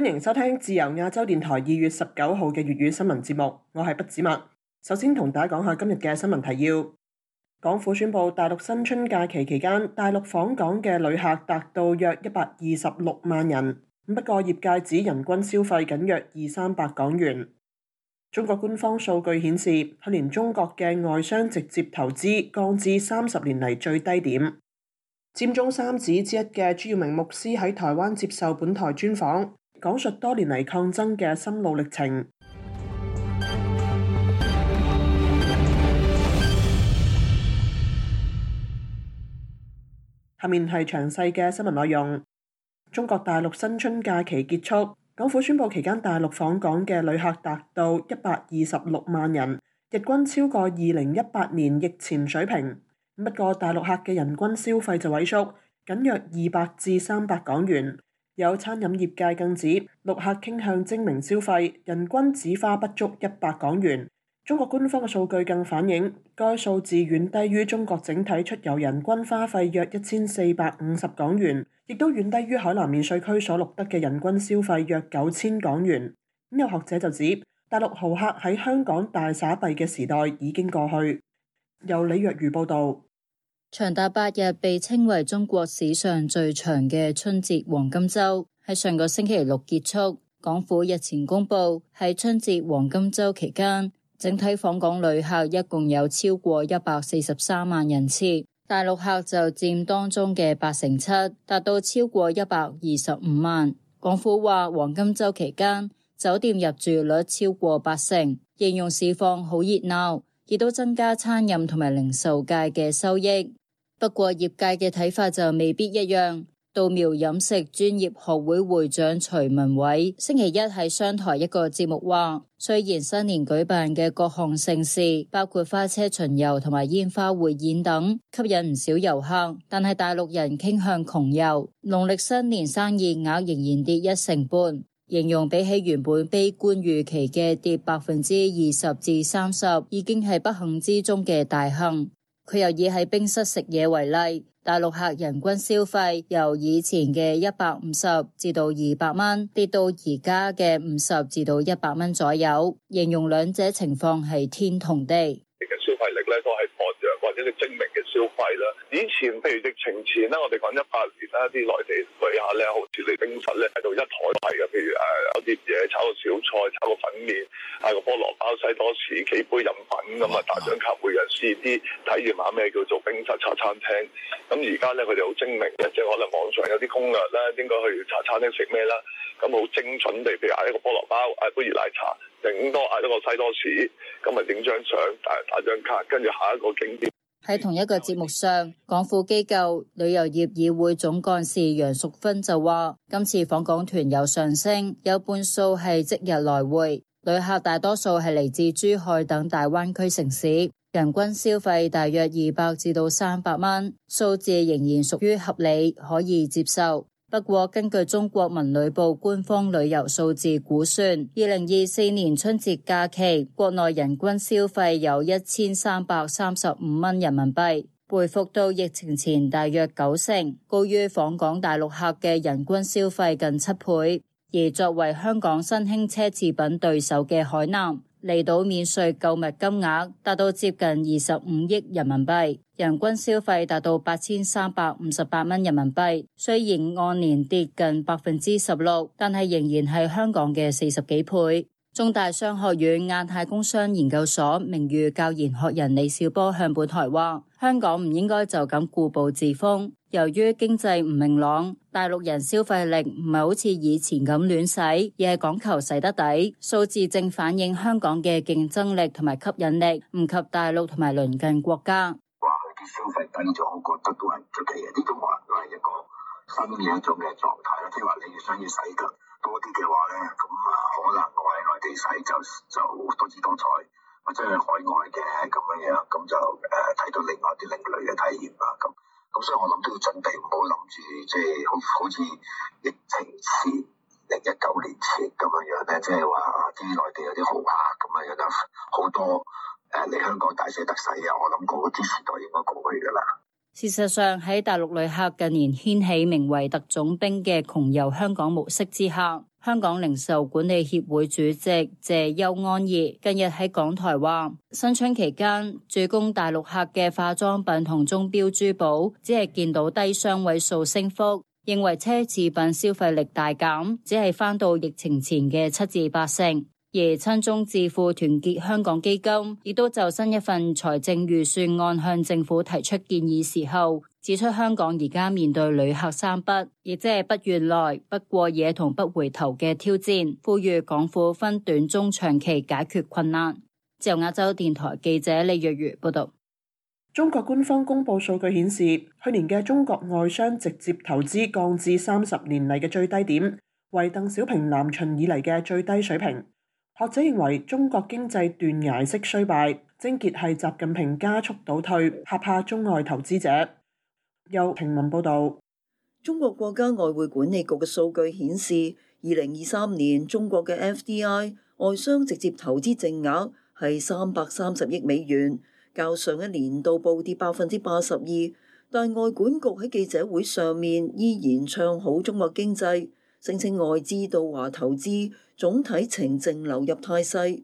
歡迎收聽自由亞洲電台二月十九號嘅粵語新聞節目，我係畢子墨，首先同大家講下今日嘅新聞提要。港府宣佈，大陸新春假期期間，大陸訪港嘅旅客達到約一百二十六萬人。不過業界指人均消費僅約二三百港元。中國官方數據顯示，去年中國嘅外商直接投資降至三十年嚟最低點。佔中三子之一嘅朱耀明牧師喺台灣接受本台專訪。講述多年嚟抗爭嘅心路歷程。下面係詳細嘅新聞內容。中國大陸新春假期結束，港府宣布，期間大陸訪港嘅旅客達到一百二十六萬人，日均超過二零一八年疫前水平。不過，大陸客嘅人均消費就萎縮，僅約二百至三百港元。有餐飲業界更指，陸客傾向精明消費，人均只花不足一百港元。中國官方嘅數據更反映，該數字遠低於中國整體出遊人均花費約一千四百五十港元，亦都遠低於海南免稅區所錄得嘅人均消費約九千港元，嗯。有學者就指，大陸豪客喺香港大撒幣嘅時代已經過去。由李若愚報導。長達八日，被稱為中國史上最長嘅春節黃金周，喺上個星期六結束。港府日前公布，喺春節黃金周期間，整體訪港旅客一共有超過一百四十三萬人次，大陸客就佔當中嘅八成七，達到超過一百二十五萬。港府話，黃金周期間酒店入住率超過八成，形容市況好熱鬧，亦都增加餐飲同埋零售界嘅收益。不過業界嘅睇法就未必一樣。稻苗飲食專業學會會長徐文偉星期一喺商台一個節目話，雖然新年舉辦嘅各項盛事，包括花車巡遊同埋煙花匯演等，吸引唔少遊客，但係大陸人傾向窮遊，農曆新年生意額仍然跌一成半，形容比起原本悲觀預期嘅跌百分之二十至三十，已經係不幸之中嘅大幸。佢又以喺冰室食嘢為例，大陸客人均消費由以前嘅一百五十至到二百蚊，跌到而家嘅五十至到一百蚊左右，形容兩者情況係天同地。消費啦，以前譬如疫情前啦，我哋講一八年啦，啲內地旅客咧好似你冰室咧喺度一台費嘅，譬如誒有碟嘢，炒個小菜，炒個粉麵，嗌個菠蘿包，西多士，幾杯飲品咁啊，打張卡，每人試啲體驗下咩叫做冰室茶餐廳。咁而家咧，佢哋好精明嘅，即係可能網上有啲攻略咧，應該去茶餐廳食咩啦，咁好精準地，譬如嗌一個菠蘿包，嗌杯熱奶茶，頂多嗌一個西多士，咁啊，影張相，打打張卡，跟住下一個景點。喺同一個節目上，港府機構旅遊業議會總幹事楊淑芬就話：今次訪港團有上升，有半數係即日來回，旅客大多數係嚟自珠海等大灣區城市，人均消費大約二百至到三百蚊，數字仍然屬於合理，可以接受。不過，根據中國文旅部官方旅遊數字估算，二零二四年春節假期，國內人均消費有一千三百三十五蚊人民幣，回復到疫情前大約九成，高於訪港大陸客嘅人均消費近七倍，而作為香港新興奢侈品對手嘅海南。嚟島免稅購物金額達到接近二十五億人民幣，人均消費達到八千三百五十八蚊人民幣。雖然按年跌近百分之十六，但係仍然係香港嘅四十幾倍。中大商學院亞太工商研究所名譽教研學人李兆波向本台話：香港唔應該就咁固步自封。由於經濟唔明朗，大陸人消費力唔係好似以前咁亂使，而係講求使得抵。數字正反映香港嘅競爭力同埋吸引力唔及大陸同埋鄰近國家話啲消費品我覺得都係咁所以我諗都要準備，唔好諗住，即係好好似疫情前零一九年前咁樣樣咧，即係話啲內地有啲豪客咁啊，有得好多誒嚟、呃、香港大洗特洗啊！我諗嗰啲時代應該過去噶啦。事實上喺大陸旅客近年掀起名為特種兵嘅窮遊香港模式之下，香港零售管理協會主席謝邱安儀近日喺港台話，新春期間主攻大陸客嘅化妝品同鐘錶珠寶，只係見到低雙位數升幅，認為奢侈品消費力大減，只係翻到疫情前嘅七至八成。而親中致富團結香港基金亦都就新一份財政預算案向政府提出建議時候指出，香港而家面對旅客三不，亦即係不願來、不過夜同不回頭嘅挑戰，呼籲港府分短中長期解決困難。自由亞洲電台記者李若如報道。中國官方公布數據顯示，去年嘅中國外商直接投資降至三十年嚟嘅最低點，為鄧小平南巡以嚟嘅最低水平。學者認為，中國經濟斷崖式衰敗，癥結係習近平加速倒退，嚇怕中外投資者。有評論報道，中國國家外匯管理局嘅數據顯示，二零二三年中國嘅 FDI 外商直接投資淨額係三百三十億美元，較上一年度暴跌百分之八十二。但外管局喺記者會上面依然唱好中國經濟。聲稱外資到華投資總體呈淨流入態勢，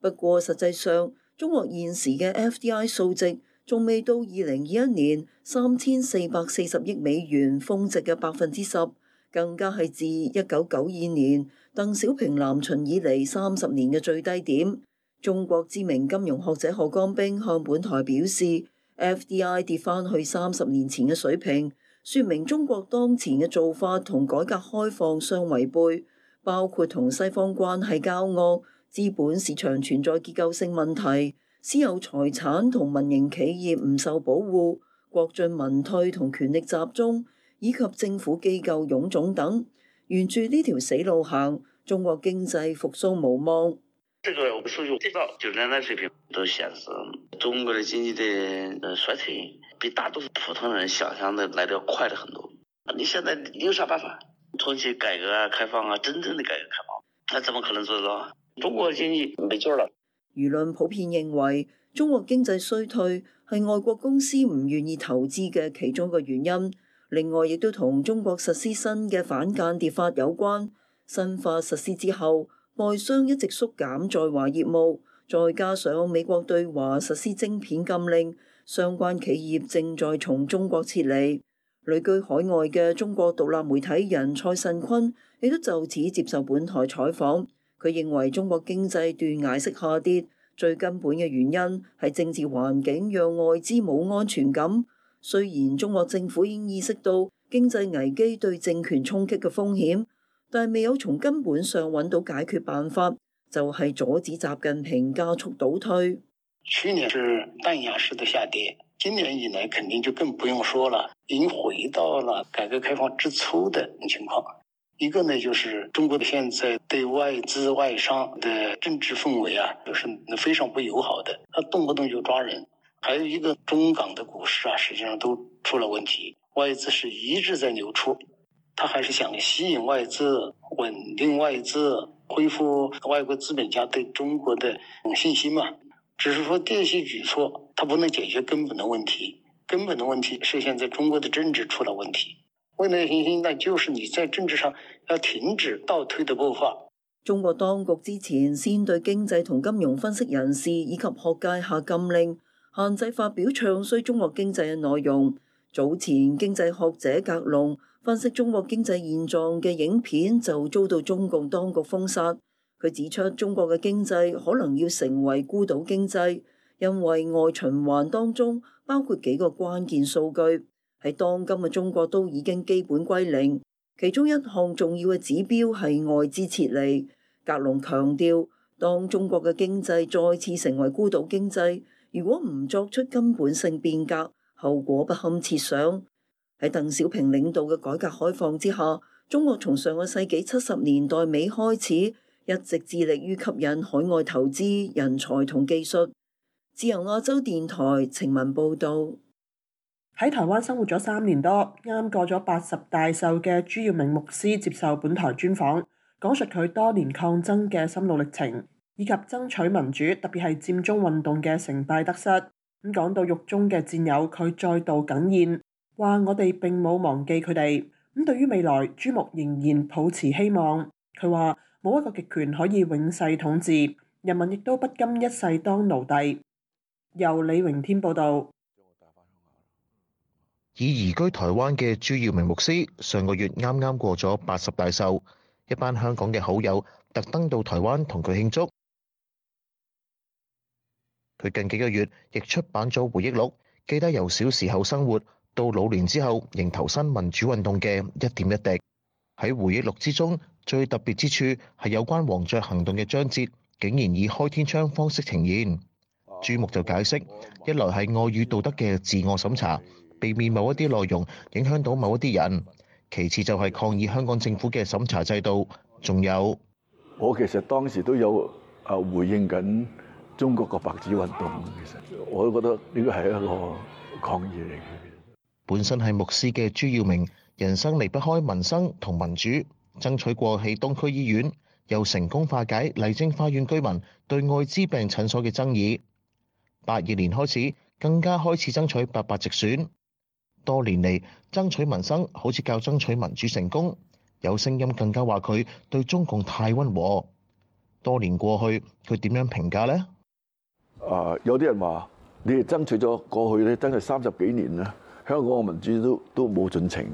不過實際上中國現時嘅 FDI 數值仲未到二零二一年三千四百四十億美元峰值嘅百分之十，更加係自一九九二年鄧小平南巡以嚟三十年嘅最低點。中國知名金融學者賀江兵向本台表示，FDI 跌翻去三十年前嘅水平。說明中國當前嘅做法同改革開放相違背，包括同西方關係交惡、資本市場存在結構性問題、私有財產同民營企業唔受保護、國進民退同權力集中，以及政府機構臃腫等。沿住呢條死路行，中國經濟復蘇無望。這個我不熟悉，我知道九零年代水平都顯示中國的經濟的衰退比大多數普通人想象的來得快得很多。你現在你有啥辦法？重啟改革啊、開放啊？真正的改革開放，那怎麼可能做得到？中國經濟沒勁兒啦。輿論普遍認為，中國經濟衰退係外國公司唔願意投資嘅其中一個原因。另外，亦都同中國實施新嘅反間諜法有關。新法實施之後。外商一直縮減在華業務，再加上美國對華實施晶片禁令，相關企業正在從中國撤離。旅居海外嘅中國獨立媒體人蔡慎坤亦都就此接受本台採訪。佢認為中國經濟斷崖式下跌，最根本嘅原因係政治環境讓外資冇安全感。雖然中國政府已經意識到經濟危機對政權衝擊嘅風險。但係未有從根本上揾到解決辦法，就係、是、阻止習近平加速倒退。去年是斷崖式的下跌，今年以來肯定就更不用說了，已經回到了改革開放之初的情況。一個呢，就是中國的現在對外資外商的政治氛圍啊，都、就是非常不友好的，他動不動就抓人。還有一個中港的股市啊，實際上都出了問題，外資是一直在流出。他還是想吸引外資、穩定外資、恢復外國資本家對中國的信心嘛？只是說，這些舉措，它不能解決根本的問題。根本的問題是現在中國的政治出了問題。未來的信心，那就是你在政治上要停止倒退的步伐。中國當局之前先對經濟同金融分析人士以及學界下禁令，限制發表唱衰中國經濟嘅內容。早前經濟學者格隆。分析中國經濟現狀嘅影片就遭到中共當局封殺。佢指出，中國嘅經濟可能要成為孤島經濟，因為外循環當中包括幾個關鍵數據，喺當今嘅中國都已經基本歸零。其中一項重要嘅指標係外資撤離。格隆強調，當中國嘅經濟再次成為孤島經濟，如果唔作出根本性變革，後果不堪設想。喺鄧小平領導嘅改革開放之下，中國從上個世紀七十年代尾開始，一直致力於吸引海外投資、人才同技術。自由亞洲電台情文報道：喺台灣生活咗三年多，啱過咗八十大壽嘅朱耀明牧師接受本台專訪，講述佢多年抗爭嘅心路歷程，以及爭取民主，特別係佔中運動嘅成敗得失。咁講到獄中嘅戰友，佢再度哽咽。話我哋並冇忘記佢哋，咁對於未來，朱牧仍然抱持希望。佢話冇一個極權可以永世統治，人民亦都不甘一世當奴隸。由李榮天報道。以移居台灣嘅朱耀明牧師，上個月啱啱過咗八十大壽，一班香港嘅好友特登到台灣同佢慶祝。佢近幾個月亦出版咗回憶錄，記得由小時候生活。到老年之後，仍投身民主運動嘅一點一滴喺回憶錄之中，最特別之處係有關黃雀行動嘅章節，竟然以開天窗方式呈現。朱牧就解釋，一來係愛與道德嘅自我審查，避免某一啲內容影響到某一啲人；其次就係抗議香港政府嘅審查制度。仲有，我其實當時都有啊，回應緊中國個白紙運動。其實我都覺得呢個係一個抗議嚟嘅。本身係牧師嘅朱耀明，人生離不開民生同民主，爭取過起東區醫院，又成功化解麗晶花園居民對艾滋病診所嘅爭議。八二年開始，更加開始爭取八八直選。多年嚟，爭取民生好似較爭取民主成功。有聲音更加話佢對中共太溫和。多年過去，佢點樣評價呢？啊，有啲人話你哋爭取咗過去咧，真係三十幾年啦。香港嘅民主都都冇進程，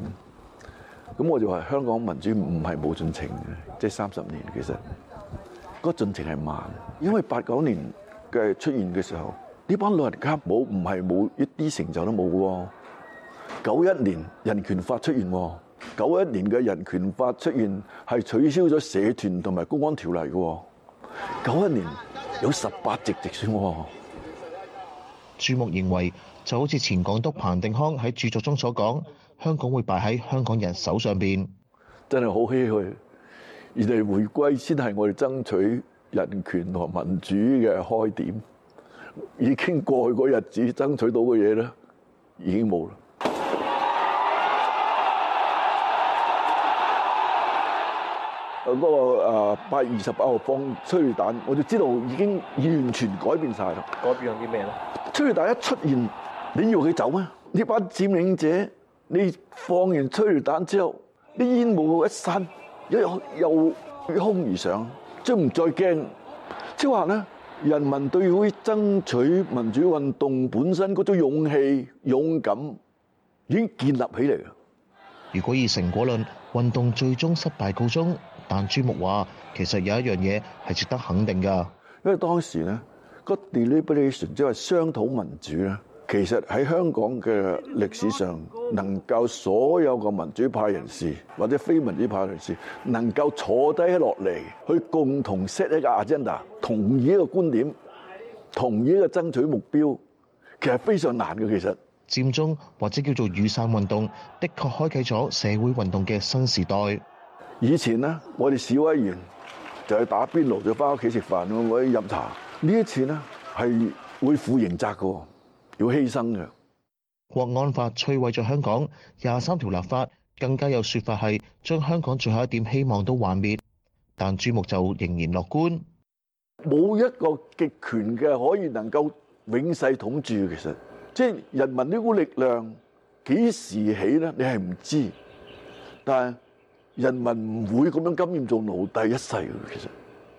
咁我就話香港民主唔係冇進程嘅，即係三十年其實個進程係慢，因為八九年嘅出現嘅時候，呢班老人家冇唔係冇一啲成就都冇嘅喎。九一年人權法出現，九一年嘅人權法出現係取消咗社團同埋公安條例嘅喎，九一年有十八席直選喎。注目認為，就好似前港督彭定康喺著作中所講，香港會敗喺香港人手上邊，真係好唏噓。而嚟回歸先係我哋爭取人權同民主嘅開點，已經過去嗰日子爭取到嘅嘢咧，已經冇啦。嗰、那個啊八月二十八號放催淚彈，我就知道已經完全改變晒啦。改變咗啲咩咧？催淚彈一出現，你要佢走咩？呢班佔領者，你放完催淚彈之後，啲煙霧一散，又又一空而上，即唔再驚。即話咧，人民對會爭取民主運動本身嗰種勇氣、勇敢，已經建立起嚟。如果以成果論，運動最終失敗告終，但朱牧話，其實有一樣嘢係值得肯定噶，因為當時咧。個 deliberation 即係商討民主咧，其實喺香港嘅歷史上，能夠所有嘅民主派人士或者非民主派人士能夠坐低落嚟，去共同 set 一個 agenda，同意一個觀點，同意一個爭取目標，其實非常難嘅。其實佔中或者叫做雨傘運動的確開啟咗社會運動嘅新時代。以前咧，我哋示威員就去打邊爐就翻屋企食飯，我哋飲茶。呢一次呢，係會負刑責嘅，要犧牲嘅。國安法摧毀咗香港廿三條立法，更加有說法係將香港最後一點希望都幻滅。但朱牧就仍然樂觀，冇一個極權嘅可以能夠永世統治。其實，即係人民呢股力量幾時起呢？你係唔知，但係人民唔會咁樣甘願做奴隸一世。其實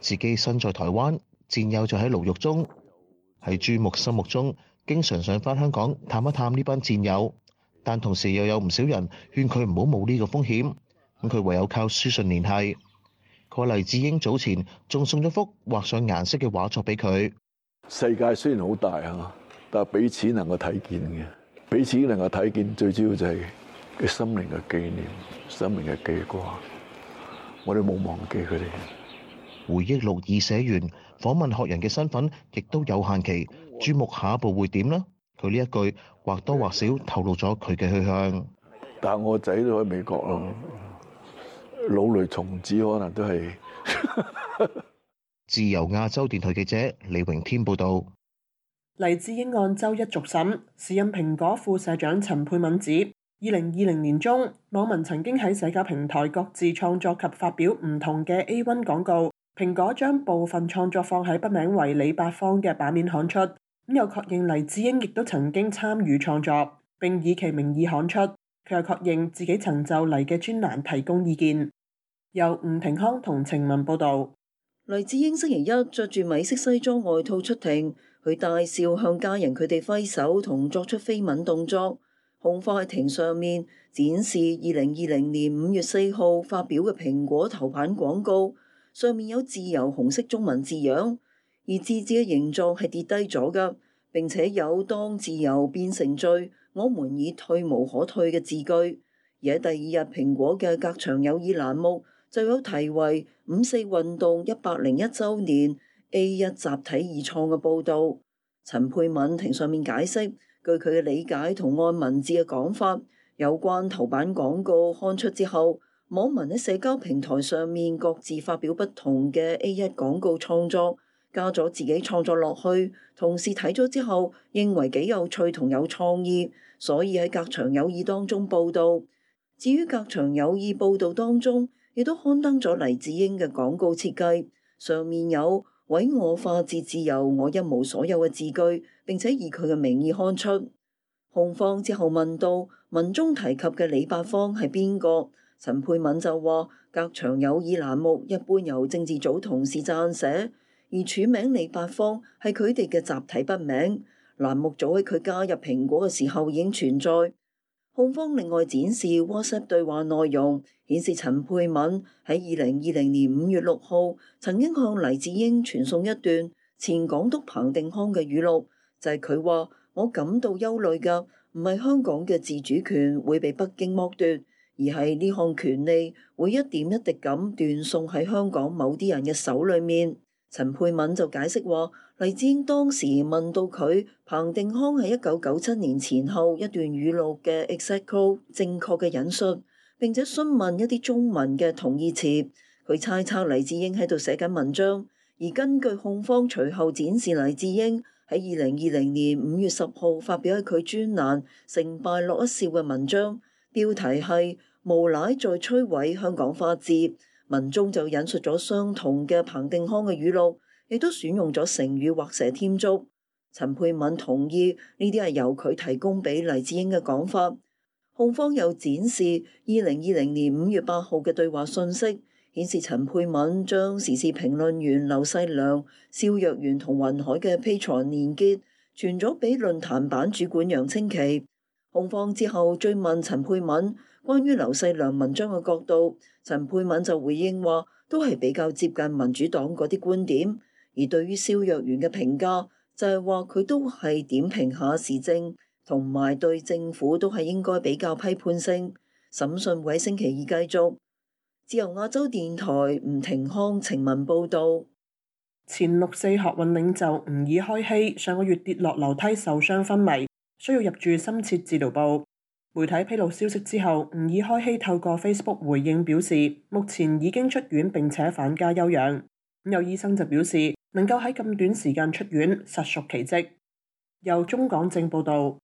自己身在台灣。戰友就喺牢獄中，喺朱牧心目中，經常想返香港探一探呢班戰友，但同時又有唔少人勸佢唔好冒呢個風險，咁佢唯有靠書信聯繫。佢話黎智英早前仲送咗幅畫上顏色嘅畫作俾佢。世界雖然好大吓，但係彼此能夠睇見嘅，彼此能夠睇見最主要就係佢心靈嘅紀念，心靈嘅記掛，我哋冇忘記佢哋。回憶錄已寫完。訪問學人嘅身份亦都有限期，注目下一步會點啦。佢呢一句或多或少透露咗佢嘅去向。但係我仔都喺美國咯，老來從子可能都係 自由亞洲電台記者李榮天報導。黎智英案周一續審，時任蘋果副社長陳沛敏指，二零二零年中網民曾經喺社交平台各自創作及發表唔同嘅 A1 廣告。蘋果將部分創作放喺不名為李八方嘅版面刊出，咁又確認黎智英亦都曾經參與創作並以其名義刊出。佢又確認自己曾就黎嘅專欄提供意見。由吳庭康同程文報導。黎智英星期一着住米色西裝外套出庭，佢大笑向家人佢哋揮手同作出飛吻動作，控方喺庭上面展示二零二零年五月四號發表嘅蘋果頭版廣告。上面有自由紅色中文字樣，而字字嘅形狀係跌低咗㗎，並且有當自由變成罪，我們已退無可退嘅字句。而喺第二日，蘋果嘅隔牆有耳欄目就有題為《五四運動一百零一週年 A 一集體而創道》嘅報導。陳佩敏庭上面解釋，據佢嘅理解同按文字嘅講法，有關頭版廣告刊出之後。網民喺社交平台上面各自發表不同嘅 A1 廣告創作，加咗自己創作落去。同事睇咗之後，認為幾有趣同有創意，所以喺隔牆有耳當中報導。至於隔牆有耳報導當中，亦都刊登咗黎智英嘅廣告設計，上面有「毀我法治自由，我一無所有」嘅字句，並且以佢嘅名義刊出。控方之後問到文中提及嘅李八方係邊個？陳佩敏就話：隔牆有耳欄目一般由政治組同事撰寫，而署名李八方係佢哋嘅集體筆名。欄目早喺佢加入蘋果嘅時候已經存在。控方另外展示 WhatsApp 對話內容，顯示陳佩敏喺二零二零年五月六號曾經向黎智英傳送一段前港督彭定康嘅語錄，就係佢話：我感到憂慮噶，唔係香港嘅自主權會被北京剝奪。而係呢項權利會一點一滴咁斷送喺香港某啲人嘅手裡面。陳佩敏就解釋話：黎智英當時問到佢彭定康喺一九九七年前後一段語錄嘅 exact 正確嘅引述，並且詢問一啲中文嘅同義詞。佢猜測黎智英喺度寫緊文章，而根據控方隨後展示黎智英喺二零二零年五月十號發表喺佢專欄《成敗樂一笑》嘅文章，標題係：無賴再摧毀香港法治，文中就引述咗相同嘅彭定康嘅語錄，亦都選用咗成語畫蛇添足。陳佩敏同意呢啲係由佢提供俾黎智英嘅講法。控方又展示二零二零年五月八號嘅對話訊息，顯示陳佩敏將時事評論員劉細良、蕭若元同雲海嘅 Patreon 連結，傳咗俾論壇版主管楊清奇。控方之後追問陳佩敏關於劉世良文章嘅角度，陳佩敏就回應話都係比較接近民主黨嗰啲觀點。而對於蕭若元嘅評價，就係話佢都係點評下時政，同埋對政府都係應該比較批判性。審訊會星期二繼續。自由亞洲電台吳庭康、程文報道：前六四學運領袖吾爾開希上個月跌落樓梯受傷昏迷。需要入住深切治療部。媒體披露消息之後，吾爾開希透過 Facebook 回應表示，目前已經出院並且返家休養。有醫生就表示，能夠喺咁短時間出院，實屬奇蹟。由中港證報導。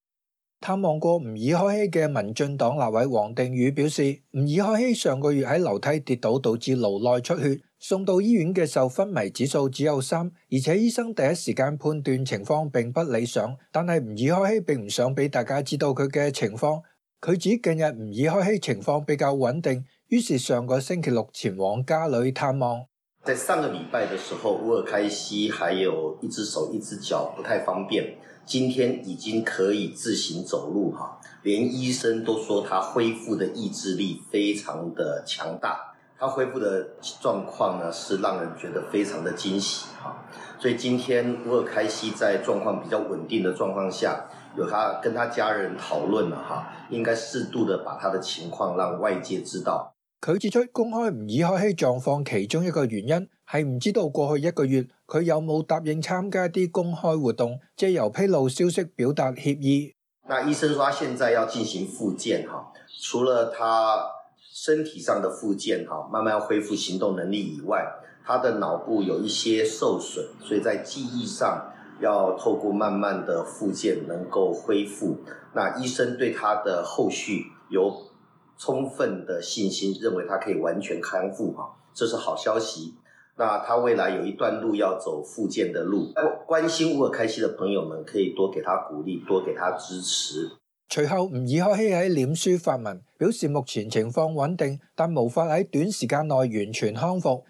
探望過吾爾開希嘅民進黨立委黃定宇表示，吾爾開希上個月喺樓梯跌倒，導致顱內出血，送到醫院嘅受昏迷指數只有三，而且醫生第一時間判斷情況並不理想。但係吾爾開希並唔想俾大家知道佢嘅情況。佢指近日吾爾開希情況比較穩定，於是上個星期六前往家裏探望。在上個禮拜嘅時候，吾爾開希還有一隻手、一隻腳不太方便。今天已經可以自行走路哈，連醫生都說他恢復的意志力非常的強大，他恢復的狀況呢是讓人覺得非常的驚喜哈，所以今天吾爾開希在狀況比較穩定的狀況下，有他跟他家人討論了哈，應該適度的把他的情況讓外界知道。佢指出公開吾爾開希狀況其中一個原因。係唔知道過去一個月佢有冇答應參加啲公開活動？借由披露消息表達歉意。那醫生說，他現在要進行復健哈，除了他身體上的復健哈，慢慢要恢復行動能力以外，他的腦部有一些受損，所以在記憶上要透過慢慢的復健能夠恢復。那醫生對他的後續有充分的信心，認為他可以完全康復哈，這是好消息。那他未來有一段路要走復健的路，關心吳開熙的朋友們可以多給他鼓勵，多給他支持。隨後，吳開熙喺臉書發文表示，目前情況穩定，但無法喺短時間內完全康復。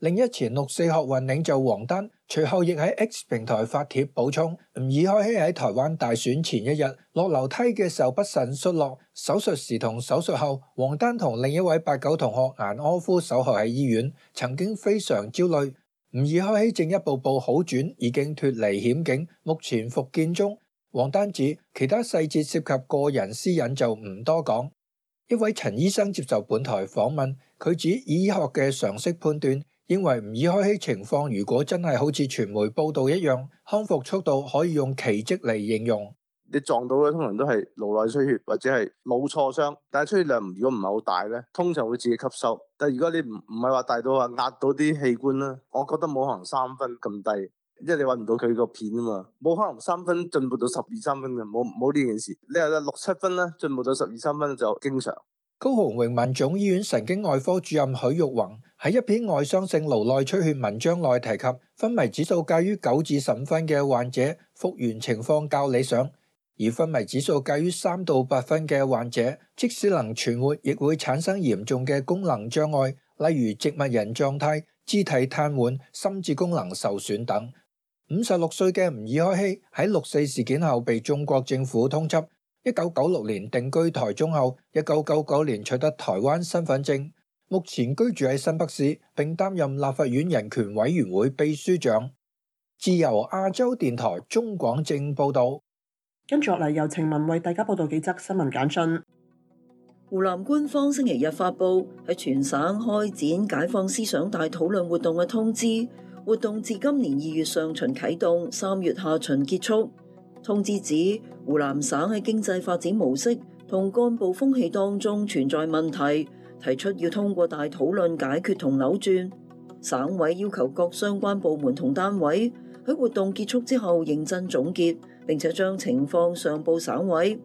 另一前六四學運領袖王丹隨後亦喺 X 平台發帖補充：吾爾開希喺台灣大選前一日落樓梯嘅時候不慎摔落，手術時同手術後，王丹同另一位八九同學顏柯夫守候喺醫院，曾經非常焦慮。吾爾開希正一步步好轉，已經脱離險境，目前復健中。王丹指其他細節涉及個人私隱就唔多講。一位陳醫生接受本台訪問，佢指以醫學嘅常識判斷。因為唔易開希情況，如果真係好似傳媒報道一樣，康復速度可以用奇蹟嚟形容。你撞到咧，通常都係顱內出血或者係腦挫傷，但係出血量如果唔係好大咧，通常會自己吸收。但係如果你唔唔係話大到話壓到啲器官咧，我覺得冇可能三分咁低，因為你揾唔到佢個片啊嘛。冇可能三分進步到十二三分嘅，冇冇呢件事。你係得六七分咧進步到十二三分就經常。高雄榮民總醫院神經外科主任許玉宏，喺一篇外傷性顱內出血文章內提及昏迷指數介於九至十分嘅患者復原情況較理想，而昏迷指數介於三到八分嘅患者即使能存活，亦會產生嚴重嘅功能障礙，例如植物人狀態、肢體癱瘓、心智功能受損等。五十六歲嘅吾爾開希，喺六四事件後被中國政府通緝，一九九六年定居台中後，一九九九年取得台灣身份證，目前居住喺新北市，並擔任立法院人權委員會秘書長。自由亞洲電台中廣正報道。跟住落嚟，由程文為大家報道幾則新聞簡訊。湖南官方星期日發布喺全省開展解放思想大討論活動嘅通知，活動自今年二月上旬啟動，三月下旬結束。通知指。湖南省喺經濟發展模式同幹部風氣當中存在問題，提出要通過大討論解決同扭轉。省委要求各相關部門同單位喺活動結束之後認真總結，並且將情況上報省委。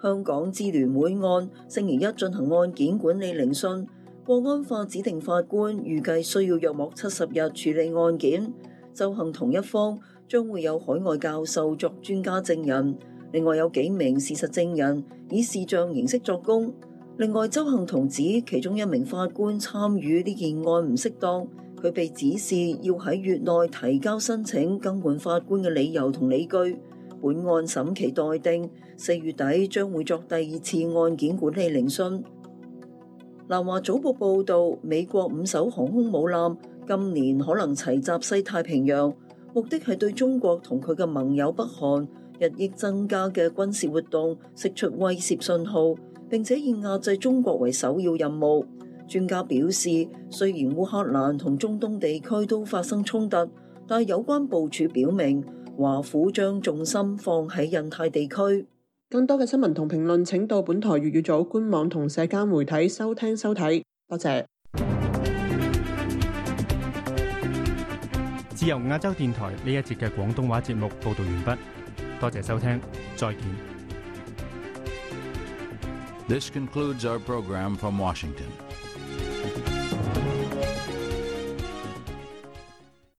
香港支聯會案星期一進行案件管理聆訊，國安法指定法官預計需要約莫七十日處理案件。就行同一方。將會有海外教授作專家證人，另外有幾名事實證人以視像形式作供。另外，周幸彤指其中一名法官參與呢件案唔適當，佢被指示要喺月內提交申請更換法官嘅理由同理據。本案審期待定，四月底將會作第二次案件管理聆訊。南華早報報道，美國五艘航空母艦今年可能齊集西太平洋。目的係對中國同佢嘅盟友北韓日益增加嘅軍事活動釋出威脅信號，並且以壓制中國為首要任務。專家表示，雖然烏克蘭同中東地區都發生衝突，但有關部署表明，華府將重心放喺印太地區。更多嘅新聞同評論，請到本台粵語組官網同社交媒體收聽收睇。多謝。由亞洲電台呢一節嘅廣東話節目報道完畢，多謝收聽，再見。This